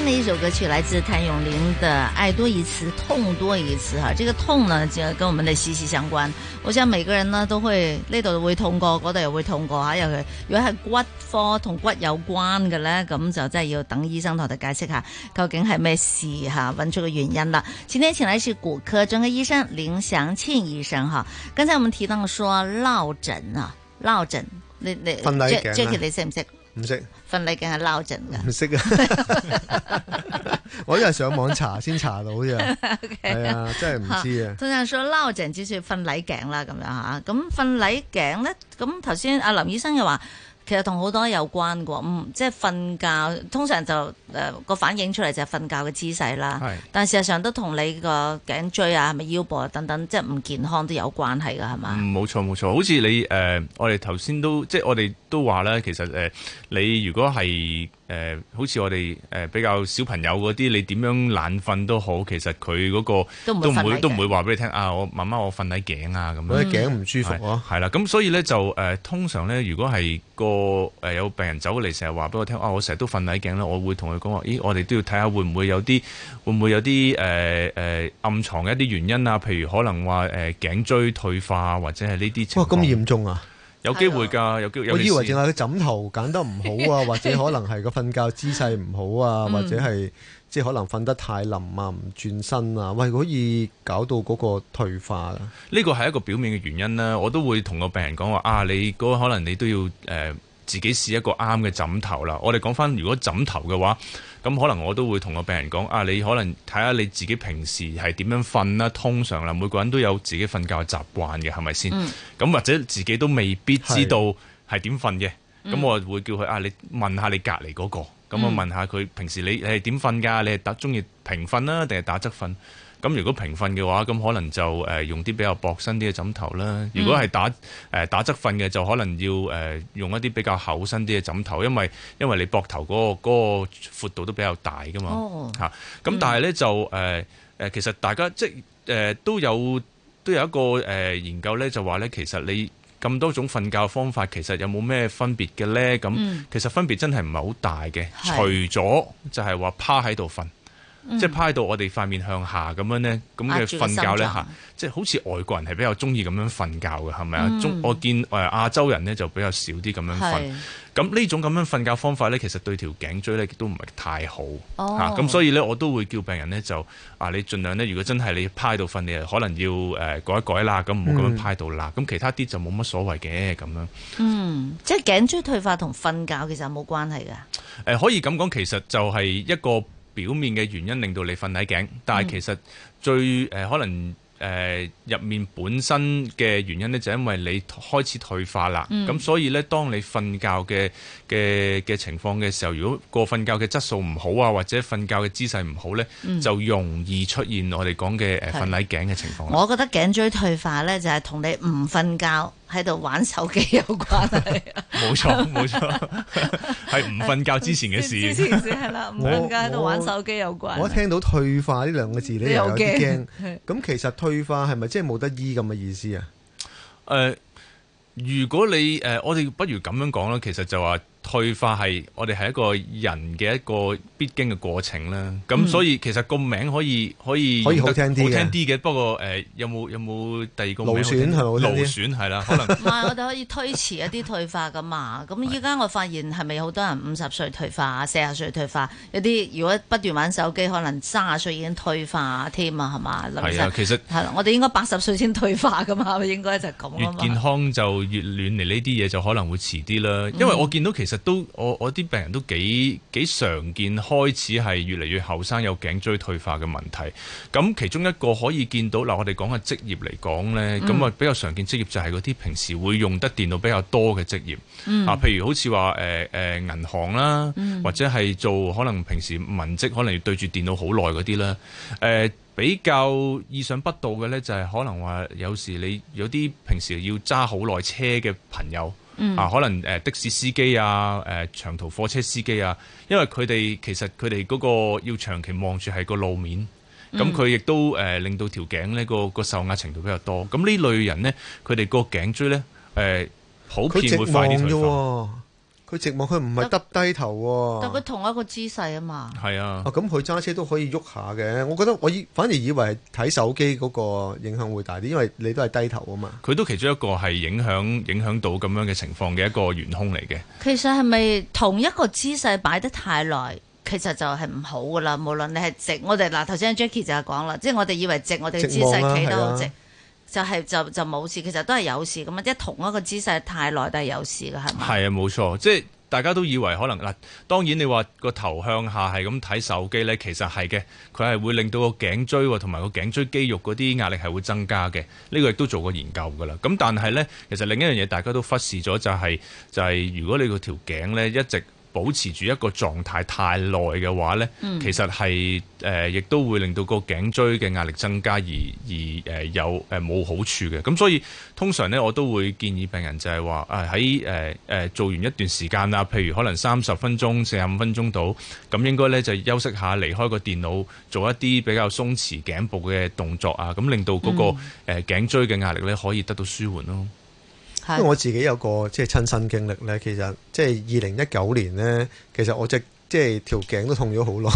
新的一首歌曲來自譚詠麟的《愛多一次，痛多一次》哈，這個痛呢就跟我們的息息相關。我想每個人呢都會呢度都會痛過，嗰度又會痛過。吓，尤其如果係骨科同骨有關嘅呢，咁就真係要等醫生同我哋解釋下究竟係咩事哈，揾出個原因啦。今天請來是骨科專科醫生林祥慶醫生哈。剛才我們提到說落枕啊，落枕，你你 Jackie 你識唔識？唔識瞓禮鏡係撈淨噶，唔識啊！我依家上網查先查到啫，係啊 Okay,、哎，真係唔知啊。通常所以撈淨只算瞓禮鏡啦，咁樣吓。咁瞓禮鏡咧，咁頭先阿林醫生又話。其實同好多有關嘅喎，嗯，即係瞓覺通常就誒個、呃、反映出嚟就係瞓覺嘅姿勢啦，是但事實上都同你個頸椎啊、係咪腰部等等，即係唔健康都有關係嘅，係嘛？嗯、冇錯冇錯，好似你誒、呃，我哋頭先都即係我哋都話啦，其實誒、呃，你如果係。誒、呃，好似我哋誒比較小朋友嗰啲，你點樣懶瞓都好，其實佢嗰個都唔會，都唔會話俾你聽啊！我媽媽我瞓喺頸啊，咁樣頸唔舒服，係啦、嗯，咁、嗯、所以咧就誒、呃，通常咧，如果係個誒、呃、有病人走嚟，成日話俾我聽啊，我成日都瞓喺頸咧，我會同佢講話，咦，我哋都要睇下會唔會有啲，會唔會有啲誒誒暗藏嘅一啲原因啊？譬如可能話誒、呃、頸椎退化或者係呢啲情況，哇、呃，咁嚴重啊！有機會㗎，有機會。我以為淨係個枕頭揀得唔好啊，或者可能係個瞓覺姿勢唔好啊，或者係即係可能瞓得太腍啊，唔轉身啊，喂，可以搞到嗰個退化啊。呢個係一個表面嘅原因啦。我都會同個病人講話啊，你嗰可能你都要誒、呃、自己試一個啱嘅枕頭啦。我哋講返，如果枕頭嘅話。咁可能我都會同個病人講啊，你可能睇下你自己平時係點樣瞓啦，通常啦，每個人都有自己瞓覺嘅習慣嘅，係咪先？咁、嗯、或者自己都未必知道係點瞓嘅，咁、嗯、我會叫佢啊，你問下你隔離嗰、嗰個，咁我問下佢平時你係點瞓㗎？你係打中意平瞓啦，定係打側瞓？咁如果平瞓嘅話，咁可能就誒用啲比較薄身啲嘅枕頭啦。嗯、如果係打誒打側瞓嘅，就可能要誒用一啲比較厚身啲嘅枕頭，因為因為你膊頭嗰個嗰、嗰個、闊度都比較大㗎嘛。嚇、哦，咁、啊、但係咧、嗯、就誒誒、呃，其實大家即係、呃、都有都有一個誒、呃、研究咧，就話咧其實你咁多種瞓覺方法，其實有冇咩分別嘅咧？咁、嗯、其實分別真係唔係好大嘅，是除咗就係話趴喺度瞓。即係趴到我哋塊面向下咁樣咧，咁嘅瞓覺咧吓，即係、就是、好似外國人係比較中意咁樣瞓覺嘅，係咪啊？中我見誒亞洲人咧就比較少啲咁樣瞓。咁呢是種咁樣瞓覺方法咧，其實對條頸椎咧都唔係太好吓。咁、哦啊、所以咧，我都會叫病人咧就啊，你盡量咧，如果真係你趴到瞓，你可能要誒、呃、改一改啦。咁唔好咁樣趴喺度啦。咁、嗯、其他啲就冇乜所謂嘅咁樣。嗯，即係頸椎退化同瞓覺其實有冇關係噶？誒、呃，可以咁講，其實就係一個。表面嘅原因令到你瞓捩頸，但係其實最誒、呃、可能誒入、呃、面本身嘅原因呢，就因為你開始退化啦。咁、嗯、所以呢，當你瞓覺嘅嘅嘅情況嘅時候，如果個瞓覺嘅質素唔好啊，或者瞓覺嘅姿勢唔好呢，嗯、就容易出現我哋講嘅誒瞓捩頸嘅情況。我覺得頸椎退化呢，就係、是、同你唔瞓覺喺度玩手機有關係，冇錯冇錯，係唔瞓覺之前嘅事。之前先係啦，唔瞓覺喺度玩手機有關。有關我，我， 我聽到退化呢兩個字你 有啲驚。咁 其實退化係咪即係冇得醫咁嘅意思啊？誒、呃，如果你誒、呃，我哋不如咁樣講啦，其實就話。退化係我哋係一個人嘅一個必經嘅過程啦。咁、嗯、所以其實個名可以可以可以好聽啲嘅。不過誒、呃，有冇有冇第二個名好聽啲，勞損係好啦，可能唔係、 啊、我哋可以推遲一啲退化噶嘛。咁依家我發現係咪好多人五十歲退化，四十歲退化？有啲如果不斷玩手機，可能三十歲已經退化添啊，係嘛？其實係我哋應該八十歲先退化噶嘛，應該就係咁啊，越健康就越遠離呢啲嘢，就可能會遲啲啦。因為我見到其實、嗯。都我我啲病人都幾幾常見，開始係越嚟越後生有頸椎退化嘅問題。咁其中一個可以見到，我哋講嘅職業嚟講呢，咁啊、嗯、比較常見職業就係嗰啲平時會用得電腦比較多嘅職業。嗯、啊，譬如好似話誒誒銀行啦，嗯、或者係做可能平時文職，可能要對住電腦好耐嗰啲啦。誒、呃，比較意想不到嘅呢，就係可能話有時你有啲平時要揸好耐車嘅朋友。啊，可能誒的士司機啊，誒、呃、長途貨車司機啊，因為佢哋其實佢哋嗰個要長期望住係個路面，咁佢亦都誒、呃、令到條頸呢個個受壓程度比較多。咁呢類人呢，佢哋個頸椎呢，誒、呃、普遍會快啲退化。佢直望，佢唔係耷低頭喎、啊。但佢同一個姿勢啊嘛。係啊。咁、啊，佢揸車都可以喐下嘅。我覺得我反而以為睇手機嗰個影響會大啲，因為你都係低頭啊嘛。佢都其中一個係影響影響到咁樣嘅情況嘅一個元兇嚟嘅。其實係咪同一個姿勢擺得太耐，其實就係唔好噶啦。無論你係直，我哋嗱頭先 Jackie 就係講啦，即係我哋以為直，我哋姿勢企得好直、啊。就係就就冇事，其實都係有事咁啊！即係同一個姿勢太耐，都係有事嘅，係咪？係啊，冇錯，即係大家都以為可能嗱，當然你話個頭向下係咁睇手機呢，其實係嘅，佢係會令到個頸椎同埋個頸椎肌肉嗰啲壓力係會增加嘅。呢個亦都做過研究㗎啦。咁但係呢，其實另一樣嘢大家都忽視咗，就係就係如果你個條頸呢一直保持住一個狀態太耐嘅話呢、嗯、其實係誒、呃、亦都會令到個頸椎嘅壓力增加而，而而誒、呃、有誒冇、呃、好處嘅。咁所以通常呢，我都會建議病人就係話誒喺誒誒做完一段時間啊，譬如可能三十分鐘、四十五分鐘到，咁、呃、應該呢就休息下，離開個電腦，做一啲比較鬆弛頸部嘅動作啊，咁令到嗰個誒頸椎嘅壓力呢可以得到舒緩咯。嗯因為我自己有個即係親身經歷咧，其實即係二零一九年咧，其實我隻即係條頸都痛咗好耐，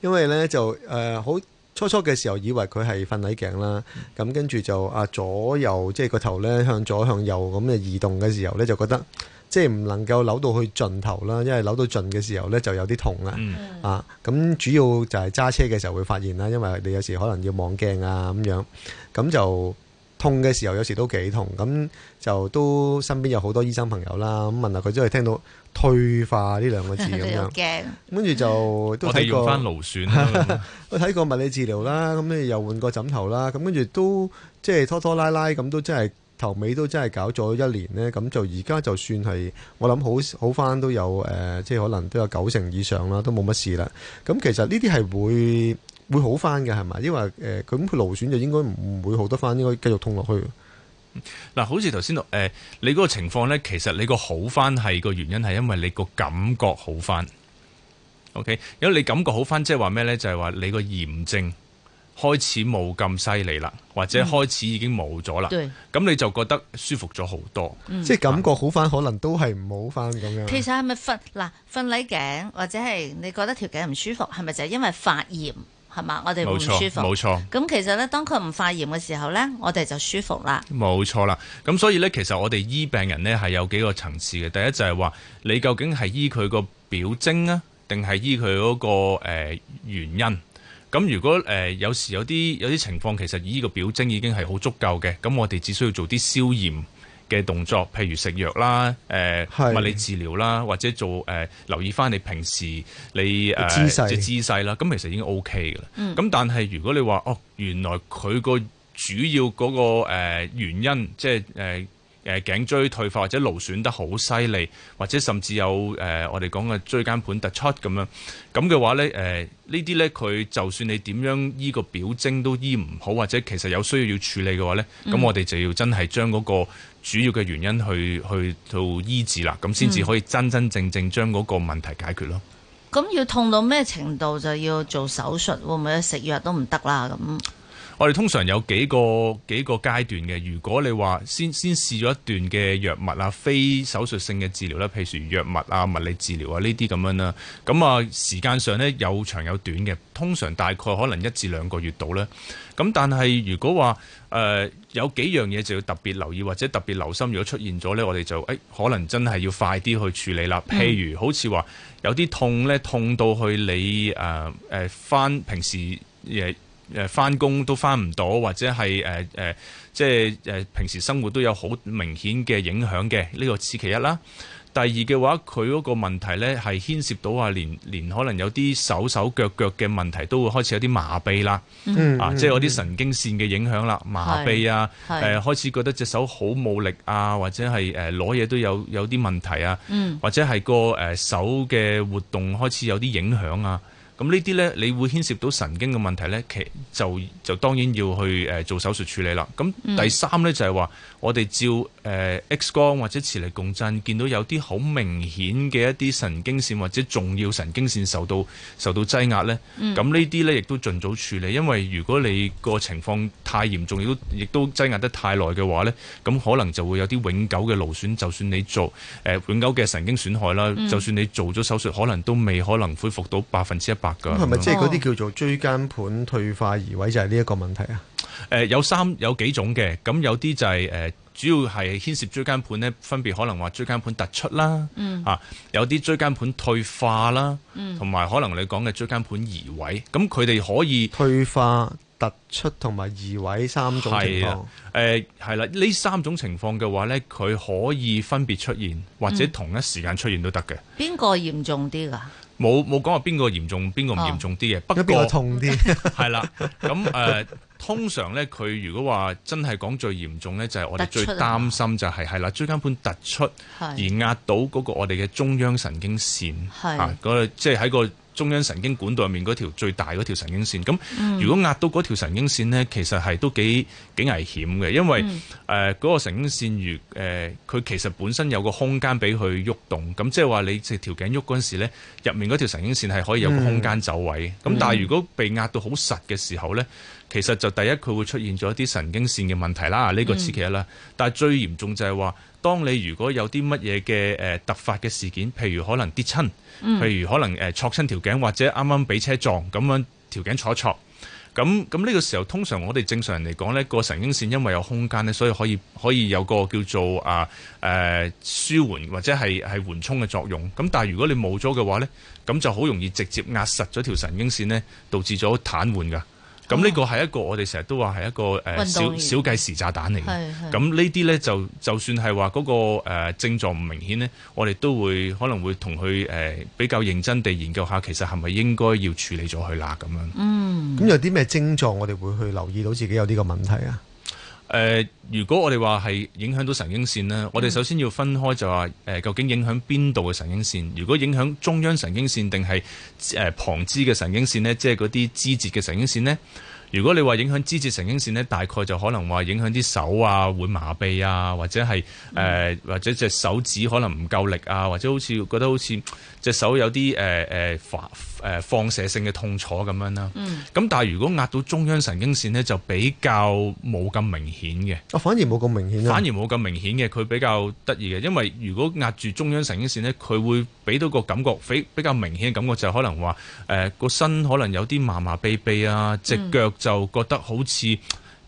因為咧就誒好、呃、初初嘅時候以為佢係瞓喺頸啦，咁跟住就啊左右即係個頭咧向左向右咁嘅移動嘅時候咧就覺得即係唔能夠扭到去盡頭啦，因為扭到盡嘅時候咧就有啲痛啦，嗯、啊咁主要就係揸車嘅時候會發現啦，因為你有時可能要望鏡啊咁樣，咁就。痛嘅時候有時都幾痛，咁就都身邊有好多醫生朋友啦，咁問下佢真係聽到退化呢兩個字咁樣，跟住 就都睇過，我哋用翻勞損，睇過物理治療啦，咁跟住又換個枕頭啦，咁跟住都即係、就是、拖拖拉拉咁，都真係頭尾都真係搞咗一年咧，咁就而家就算係我諗好好翻都有誒、呃，即係可能都有九成以上啦，都冇乜事啦。咁其實呢啲係會。會好翻嘅係嘛？因為誒，咁佢勞損就應該唔會好得翻，應該繼續痛落去。嗱，好似頭先，誒，你嗰個情況咧，其實你個好翻係個原因係因為你個感覺好翻。OK，如果你感覺好翻，即係話咩咧？就係、是、話、就是、你個炎症開始冇咁犀利啦，或者開始已經冇咗啦。咁、嗯、你就覺得舒服咗好多，對嗯、即係感覺好翻，嗯、可能都係唔好翻咁樣。其實係咪瞓嗱瞓捩頸，或者係你覺得條頸唔舒服，係咪就係因為發炎？係嘛？我哋唔舒服。冇錯，冇錯。咁其實咧，當佢唔發炎嘅時候咧，我哋就舒服啦。冇錯啦。咁所以咧，其實我哋醫病人咧係有幾個層次嘅。第一就係話，你究竟係醫佢個表徵啊，定係醫佢嗰個誒原因？咁如果誒、呃、有時有啲有啲情況，其實醫個表徵已經係好足夠嘅，咁我哋只需要做啲消炎。嘅動作，譬如食藥啦，誒、呃、是物理治療啦，或者做誒、呃、留意翻你平時你嘅、呃、姿勢啦，咁其實已經 O K 嘅啦。咁、嗯、但係如果你話哦，原來佢個主要嗰、嗰個、呃、原因，即係誒。呃誒頸椎退化或者勞損得好犀利，或者甚至有誒、呃、我哋講嘅椎間盤突出咁樣，咁嘅話呢，誒呢啲呢，佢就算你點樣醫個表徵都醫唔好，或者其實有需要要處理嘅話呢，咁、嗯、我哋就要真係將嗰個主要嘅原因去去到醫治啦，咁先至可以真真正正將嗰個問題解決咯。咁、嗯嗯、要痛到咩程度就要做手術喎？會唔會食藥都唔得啦咁。我哋通常有幾個幾個階段嘅。如果你話先先試咗一段嘅藥物啊，非手術性嘅治療咧，譬如藥物啊、物理治療啊呢啲咁樣啦。咁啊，時間上咧有長有短嘅，通常大概可能一至兩個月度咧。咁但係如果話誒、呃、有幾樣嘢就要特別留意或者特別留心，如果出現咗呢，我哋就誒、哎、可能真係要快啲去處理啦。譬如好似話有啲痛呢，痛到去你誒誒返平時嘢。呃誒翻工都翻唔到，或者係誒誒，即係誒平時生活都有好明顯嘅影響嘅。呢個此其一啦。第二嘅話，佢嗰個問題咧係牽涉到啊，連連可能有啲手手腳腳嘅問題都會開始有啲麻痹啦。嗯、啊，嗯、即係嗰啲神經線嘅影響啦，嗯、麻痹啊。係。誒、呃，開始覺得隻手好冇力啊，或者係誒攞嘢都有有啲問題啊。嗯、或者係個誒手嘅活動開始有啲影響啊。咁呢啲咧，你會牽涉到神經嘅問題咧，其實就就當然要去誒做手術處理啦。咁第三咧就係話，嗯我哋照 X 光或者磁力共振，見到有啲好明顯嘅一啲神經線或者重要神經線受到受到擠壓呢，咁呢啲呢，嗯、咁呢亦都盡早處理，因為如果你個情況太嚴重，亦都亦都擠壓得太耐嘅話呢，咁可能就會有啲永久嘅勞損。就算你做誒、呃、永久嘅神經損害啦，嗯、就算你做咗手術，可能都未可能恢復到百分之一百㗎。係咪即係嗰啲叫做椎間盤退化移位就係呢一個問題啊？誒、呃、有三有幾種嘅，咁有啲就係、是、誒、呃、主要係牽涉椎間盤咧，分別可能話椎間盤突出啦，嚇、嗯啊、有啲椎間盤退化啦，同埋、嗯、可能你講嘅椎間盤移位，咁佢哋可以退化、突出同埋移位三種情況。誒係啦，呢、呃啊、三種情況嘅話咧，佢可以分別出現或者同一時間出現都得嘅。邊個、嗯、嚴重啲㗎？冇冇講話邊個嚴重邊個唔嚴重啲嘅，哦、不過係啦，咁誒、 呃、通常咧，佢如果話真係講最嚴重咧，就係、是、我哋最擔心就係係啦椎間盤突出而壓到嗰個我哋嘅中央神經線吓，嗰的即係喺個。中央神經管道入面嗰條最大嗰條神經線，咁如果壓到嗰條神經線呢，其實係都幾幾危險嘅，因為誒嗰、嗯呃嗰個神經線如誒，佢、呃、其實本身有個空間俾佢喐動，咁即係話你隻條頸喐嗰陣時呢，入面嗰條神經線係可以有個空間走位，咁、嗯、但係如果被壓到好實嘅時候呢。嗯嗯其實就第一，佢會出現咗一啲神經線嘅問題啦，呢個初期啦。但係最嚴重就係話，當你如果有啲乜嘢嘅誒突發嘅事件，譬如可能跌親，譬如可能誒挫親條頸，或者啱啱俾車撞咁樣條頸挫一挫，咁咁呢個時候，通常我哋正常嚟講，呢個神經線因為有空間呢，所以可以可以有個叫做啊誒舒緩或者係係緩衝嘅作用。咁但係如果你冇咗嘅話呢，咁就好容易直接壓實咗條神經線呢，導致咗癱瘓㗎。咁呢、嗯、個係一個我哋成日都話係一個誒小小計時炸彈嚟嘅。咁呢啲咧就就算係話嗰個、呃、症狀唔明顯咧，我哋都會可能會同佢誒比較認真地研究下，其實係咪應該要處理咗佢啦咁樣。嗯。咁有啲咩症狀我哋會去留意到自己有呢個問題啊？誒、呃，如果我哋話係影響到神經線呢，嗯、我哋首先要分開就話誒、呃，究竟影響邊度嘅神經線？如果影響中央神經線定係誒旁支嘅神經線呢，即係嗰啲支節嘅神經線呢？如果你話影響肢節神經線呢，大概就可能話影響啲手啊，會麻痹啊，或者係誒、呃，或者隻手指可能唔夠力啊，或者好似覺得好似隻手有啲誒誒放放射性嘅痛楚咁樣啦。嗯。咁但係如果壓到中央神經線呢，就比較冇咁明顯嘅、哦。反而冇咁明顯，反而冇咁明顯嘅，佢、啊、比較得意嘅，因為如果壓住中央神經線呢，佢會俾到個感覺，比比較明顯嘅感覺就可能話誒個身可能有啲麻麻痹痹啊，隻腳、嗯。就覺得好似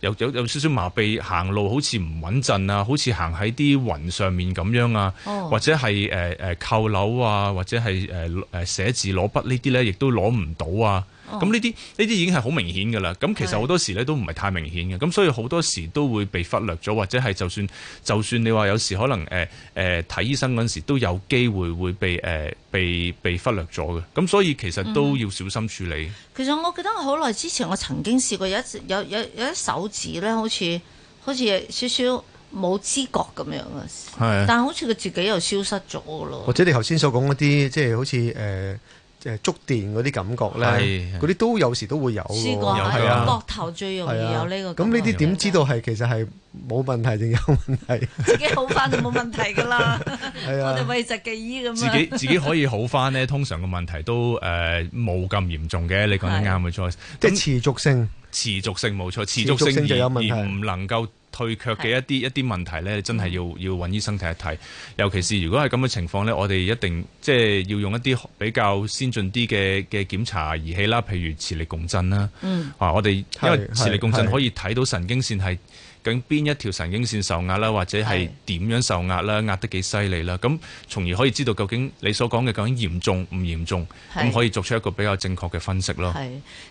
有有有少少麻痹，行路好似唔穩陣啊，好似行喺啲雲上面咁樣啊、oh. 呃呃、啊，或者係誒誒扣樓啊，或者係誒誒寫字攞筆呢啲咧，亦都攞唔到啊。咁呢啲呢啲已經係好明顯嘅啦。咁其實好多時咧都唔係太明顯嘅，咁是的 所以好多時都會被忽略咗，或者係就算就算你話有時可能誒誒睇醫生嗰陣時都有機會會被誒、呃、被被忽略咗嘅。咁所以其實都要小心處理。嗯、其實我記得好耐之前，我曾經試過有一有有有，有一手指咧，好似好似少少冇知覺咁樣啊，是的 但係好似佢自己又消失咗咯。或者你頭先所講嗰啲，即係好似誒。呃即係觸電嗰啲感覺咧，嗰啲都有時都會有嘅，係啊，膊頭最容易有呢個感覺。咁呢啲點知道係其實係冇問題定有問題？自己好翻就冇問題㗎啦。我哋為疾寄醫咁樣。自己自己可以好翻咧，通常個問題都誒冇咁嚴重嘅。你講得啱嘅，再。即係持續性，持續性冇錯，持續性就有問題唔能夠退卻嘅一啲一啲問題呢，是真係要要搵醫生睇一睇。尤其是如果係咁嘅情況呢，嗯、我哋一定即係要用一啲比較先進啲嘅嘅檢查儀器啦，譬如磁力共振啦。嗯，啊，我哋是因為磁力共振是可以睇到神經線係。究竟邊一條神經線受壓啦，或者係點樣受壓啦，壓得幾犀利啦？咁從而可以知道究竟你所講嘅究竟嚴重唔嚴重，咁是可以作出一個比較正確嘅分析咯。係，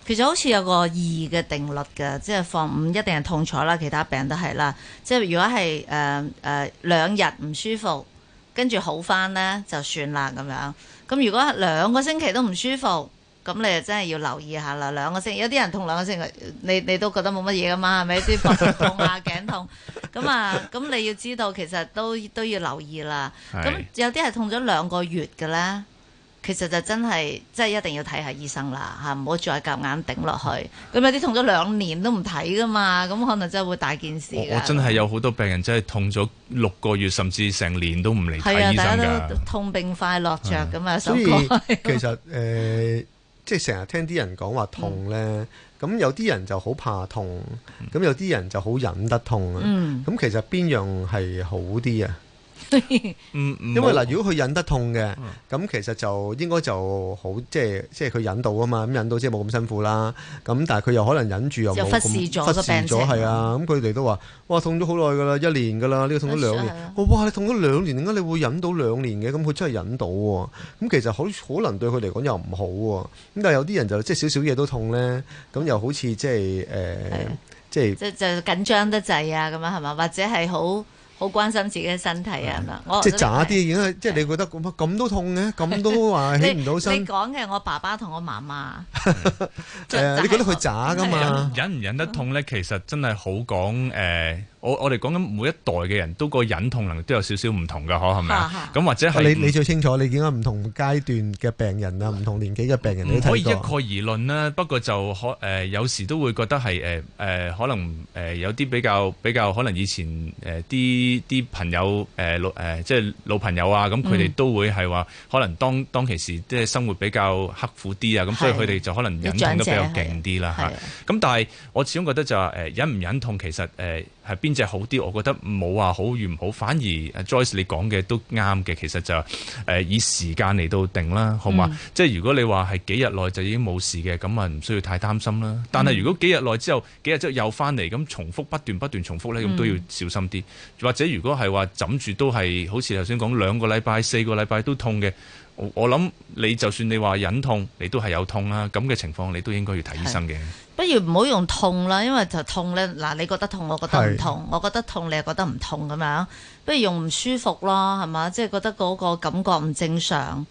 其實好似有個二嘅定律嘅，即係放五一定係痛楚啦，其他病都係啦。即係如果係誒誒兩日唔舒服，跟住好返呢就算啦咁樣。咁如果兩個星期都唔舒服，咁你真係要留意下啦，兩個星期，有啲人痛兩個星期，你你都覺得冇乜嘢噶嘛，係咪啲膊頭痛啊、頸痛？咁啊，咁你要知道，其實都都要留意啦。咁是有啲係痛咗兩個月嘅咧，其實就真係真係一定要睇下醫生啦，吓、啊，唔好再夾硬頂落去。咁有啲痛咗兩年都唔睇噶嘛，咁可能真係會大件事我。我真係有好多病人真係痛咗六個月，甚至成年都唔理。係啊，大家都痛並快樂着咁啊！是所以 其實誒。呃即係成日聽啲人講話痛咧，咁、嗯、有啲人就好怕痛，咁、嗯、有啲人就好忍得痛啊。咁、嗯、其實邊樣係好啲啊？唔 因為嗱，如果佢忍得痛嘅，咁、嗯、其實就應該就好，即係即係佢忍到啊嘛，咁忍到即係冇咁辛苦啦。咁但係佢又可能忍住又又忽視咗個病情，係啊。咁佢哋都話，哇痛咗好耐噶啦，一年噶啦，呢、這個痛咗兩年，我、嗯、哇你痛咗兩年，點解你會忍到兩年嘅？咁佢真係忍到喎。咁其實好可能對佢嚟講又唔好喎。咁但係有啲人就即係少少嘢都痛咧，咁又好似即係誒，即係、呃、的即係緊張得滯啊，咁樣係嘛，或者係好。好關心自己嘅身體啊！係嘛？嗯、我即係渣啲，而家是為即係你覺得咁咁都痛嘅、啊，咁都話起唔到身。你講嘅係我爸爸同我媽媽 、哎，你覺得佢渣噶嘛？忍唔忍，忍得痛咧？其實真係好講誒。呃我我哋講緊每一代嘅人都個忍痛能力都有少少唔同嘅，嗬係咪啊？咁或者係你你最清楚，你見到唔同階段嘅病人啊，唔同年紀嘅病人，你可以一概而論啦。不過就可誒，有時都會覺得係誒誒，可能誒有啲比較比較，可能以前誒啲啲朋友誒老誒即係老朋友啊，咁佢哋都會係話，可能當當其時即係生活比較刻苦啲啊，咁所以佢哋就可能忍痛都比較勁啲啦。咁但係我始終覺得就係誒忍唔忍痛其實誒。係邊隻好啲？我覺得冇話好與唔好，反而 Joyce 你講嘅都啱嘅。其實就誒、是呃、以時間嚟到定啦，好嘛？嗯、即係如果你話係幾日內就已經冇事嘅，咁啊唔需要太擔心啦。但係如果幾日內之後幾日之後又翻嚟咁重複不斷不斷，不斷重複呢，咁都要小心啲。嗯、或者如果係話枕住都係好似頭先講兩個禮拜、四個禮拜都痛嘅。我我諗你就算你話忍痛，你都係有痛啦。咁嘅情況你都應該要睇醫生嘅。不如唔好用痛啦，因為就痛咧。嗱，你覺得痛，我覺得唔痛。是我覺得痛，你又覺得唔痛咁樣。不如用唔舒服囉，係嘛？即係覺得嗰個感覺唔正常，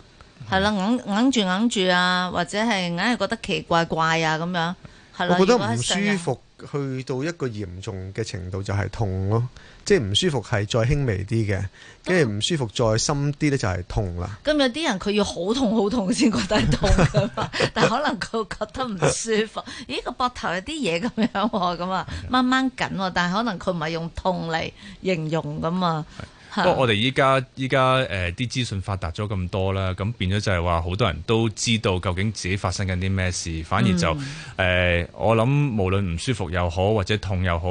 係是啦，揞揞住揞住啊，或者係硬係覺得奇怪怪啊咁樣。係啦，如果唔舒服，去到一個嚴重嘅程度就係痛咯，即係唔舒服係再輕微啲嘅，跟住唔舒服再深啲咧就係痛啦。咁、嗯、有啲人佢要好痛好痛先覺得係痛㗎嘛，但可能佢覺得唔舒服。咦，個膊頭有啲嘢咁樣喎咁啊，掹掹緊，但係可能佢唔係用痛嚟形容㗎嘛。不過我哋依家依家誒啲資訊發達咗咁多啦，咁變咗就係話好多人都知道究竟自己發生緊啲咩事，反而就誒、嗯呃、我諗無論唔舒服又好或者痛又好，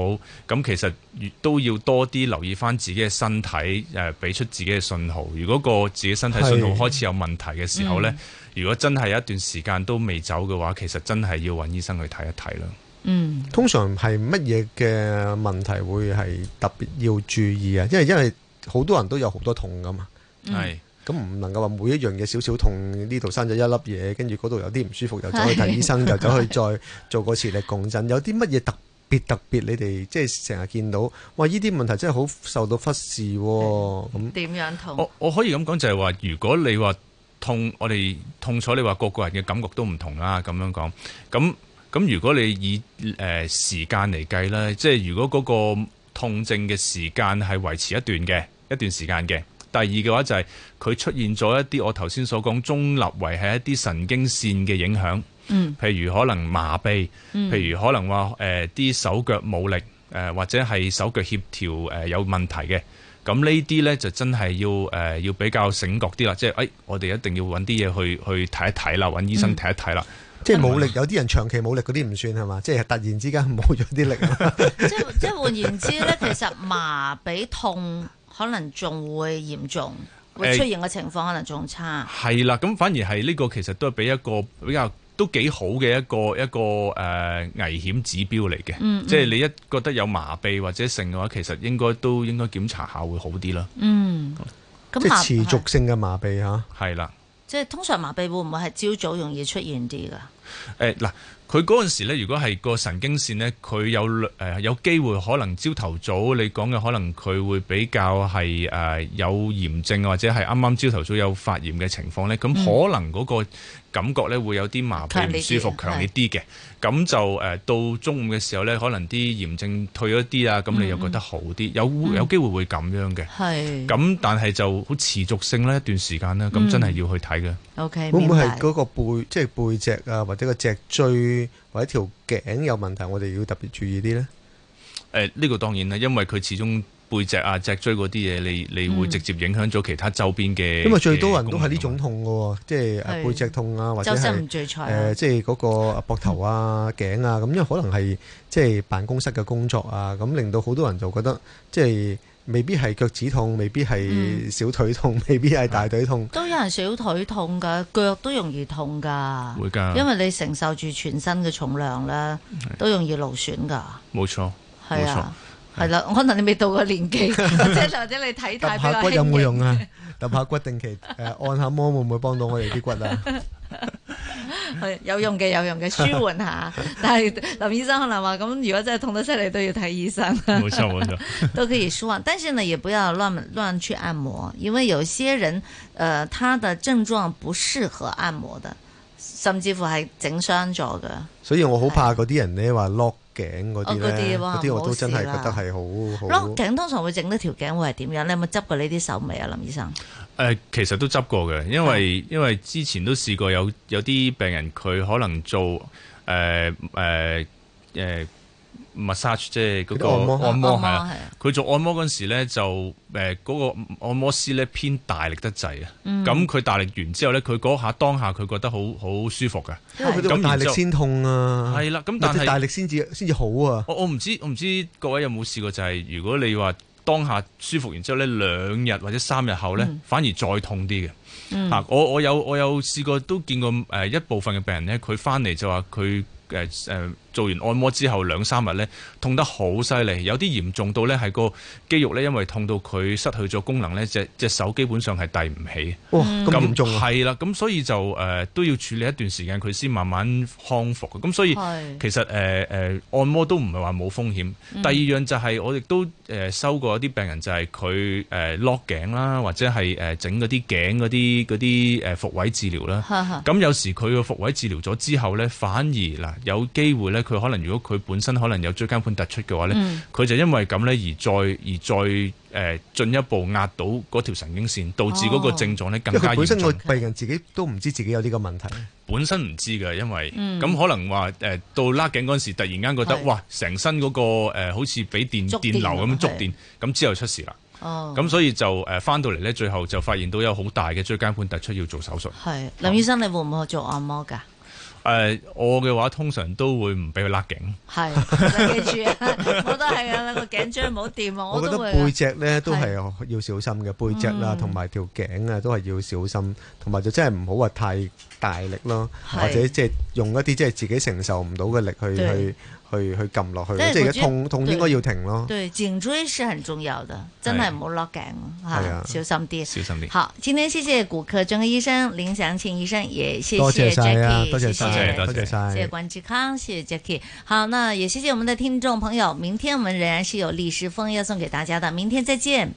咁其實都要多啲留意返自己嘅身體誒，俾、呃、出自己嘅信號。如果個自己身體信號開始有問題嘅時候呢，嗯、如果真係有一段時間都未走嘅話，其實真係要揾醫生去睇一睇啦、嗯。通常係乜嘢嘅問題會係特別要注意啊？因為因為好多人都有好多痛㗎嘛，係咁唔能夠話每一樣嘢少少痛，呢度生咗一粒嘢，跟住嗰度有啲唔舒服，就走去睇醫生，就走是去再做個磁力共振。有啲乜嘢特別特別？你哋即係成日見到，哇！呢啲問題真係好受到忽視、啊。咁點樣痛？我我可以咁講，就係話如果你話痛，我哋痛楚，你話個個人嘅感覺都唔同啦、啊。咁樣講，咁咁如果你以誒、呃、時間嚟計咧，即係如果嗰個痛症嘅時間係維持一段嘅。一段時間嘅。第二嘅話就係、是、佢出現咗一啲我頭先所講中立為係一啲神經線嘅影響，嗯，譬如可能麻痹，譬如可能話誒啲手腳冇力，誒、呃、或者係手腳協調誒有問題嘅。咁呢啲咧就真係要誒、呃、要比較醒覺啲啦，即係誒、哎、我哋一定要揾啲嘢去去睇一睇啦，揾醫生睇一睇啦。嗯、即係冇力，有啲人長期冇力嗰啲唔算係嘛？即係突然之間冇咗啲力。 即即換言之咧，其實麻痹痛。可能仲會嚴重，會出現嘅情況、欸、可能仲差。係啦，咁反而係呢個其實都係俾一個比較都幾好嘅一個一個誒、呃、危險指標嚟嘅。嗯嗯即係你一覺得有麻痹或者性嘅話，其實應該都應該檢查下會好啲啦。嗯，好即係持續性嘅麻痹吓，係啦。即係通常麻痹會唔會係朝早容易出現啲噶？誒、嗯、嗱、嗯。佢嗰陣時咧，如果係個神經線呢，佢有誒、呃、有機會可能朝頭早你講嘅，可能佢會比較係誒、呃、有炎症或者係啱啱朝頭早有發炎嘅情況呢。咁可能嗰、那個。嗯感覺咧會有啲麻痺，唔舒服，強烈啲嘅，咁的就誒到中午嘅時候咧，可能啲炎症退咗啲啊，咁、嗯、你又覺得好啲，有、嗯、有機會會咁樣嘅。係的，咁但係就好持續性啦，一段時間啦。咁、嗯、真係要去睇嘅。OK，會唔會係嗰個背，白即係背脊啊，或者個脊椎或者條頸有問題，我哋要特別注意啲咧？誒、呃，呢、這個當然啦，因為佢始終。背脊啊、脊椎嗰啲嘢，你你會直接影響咗其他周邊嘅。因為最多人都係呢種痛嘅，即係背脊痛啊，或者係周身唔聚財。誒，即係嗰個膊頭啊、頸啊，咁因為可能係即係辦公室嘅工作啊，咁令到好多人就覺得，即係未必係腳趾痛，未必係小腿痛，未必係大腿痛。都有人小腿痛噶，腳都容易痛噶。會噶。因為你承受住全身嘅重量咧，都容易勞損噶。冇錯。係啊。係啦，可能你未到個年紀，即係或者你睇睇比較揼下骨有冇用啊？揼 下骨定期誒、呃，按下摩會唔會幫到我哋啲骨啊？ 有用嘅，有用嘅，舒緩下。但係林醫生可能話咁，如果真係痛得犀利，都要睇醫生。冇錯，冇錯，都可以舒緩，但是呢，也不要亂亂去按摩，因為有些人，誒、呃，他的症狀不適合按摩的，甚至乎係整傷咗嘅。所以我好怕嗰啲人咧話落。頸嗰啲嗰啲我都真係覺得係好好。落頸好通常會整得條頸會係點樣？你有冇執過呢啲手尾啊，林醫生？誒、呃，其實都執過嘅，因為的因為之前都試過有有啲病人佢可能做誒誒誒。呃呃呃 massage 即係嗰個按摩係摩摩啊，佢、啊、做按摩嗰時咧就誒嗰、呃那個按摩師咧偏大力得滯啊，咁佢、嗯、大力完之後咧，佢嗰下當下佢覺得好好舒服嘅，咁的大力先痛啊，係啦、嗯，咁但係大力先至先至好啊。我我唔知我唔知各位有冇試過就係、是、如果你話當下舒服完之後咧，兩日或者三日後咧、嗯、反而再痛啲嘅。嚇、嗯嗯、我我有我有試過都見過誒一部分嘅病人咧，佢翻嚟就話佢誒誒。做完按摩之後兩三日咧，痛得好犀利，有啲嚴重到咧係個肌肉咧，因為痛到佢失去咗功能咧，隻隻手基本上係遞唔起。哇、哦！咁嚴重係啦，咁所以就誒、呃、都要處理一段時間佢先慢慢康復，咁所以是其實誒誒、呃、按摩都唔係話冇風險，第二樣就係我亦都誒收過一啲病人，就係佢誒落頸啦，或者係誒整嗰啲頸嗰啲嗰啲誒復位治療啦。咁是有時佢個復位治療咗之後咧，反而嗱、呃、有機會咧。佢可能如果佢本身可能有椎間盤突出嘅話咧，佢、嗯、就因為咁咧而再而再誒進一步壓到嗰條神經線，導致嗰個症狀咧更加嚴重。因為佢本身個病人自己都唔知自己有呢個問題。本身唔知嘅，因為咁、嗯、可能話誒到拉頸嗰陣時，突然間覺得哇，成、嗯、身嗰、個誒好似俾電是電流咁樣觸電，咁之後出事啦。哦，咁所以就誒翻到嚟咧，最後就發現到有好大嘅椎間盤突出，要做手術。係是是林醫生，你會唔會做按摩噶？誒、呃，我嘅話通常都會唔俾佢拉頸，係你記住啊， 我都係啊，個頸椎唔好掂啊，我覺得背脊咧都係要小心嘅的背脊啦，同埋條頸啊都係要小心，同埋就真係唔好話太大力咯，的或者即係用一啲即係自己承受唔到嘅力去去。去去撳落去，即係痛對痛應該要停咯。對頸椎是很重要的，真係唔好落頸，吓對、啊、小心啲。小心啲。好，今天謝謝骨科專科醫生林祥慶醫生，醫生也謝謝 Jackie，多謝晒、啊，多謝晒謝，多謝晒，謝謝關志康，謝謝 Jackie。好，那也謝謝我們的聽眾朋友，明天我們仍然是有李時峰要送給大家的，明天再見。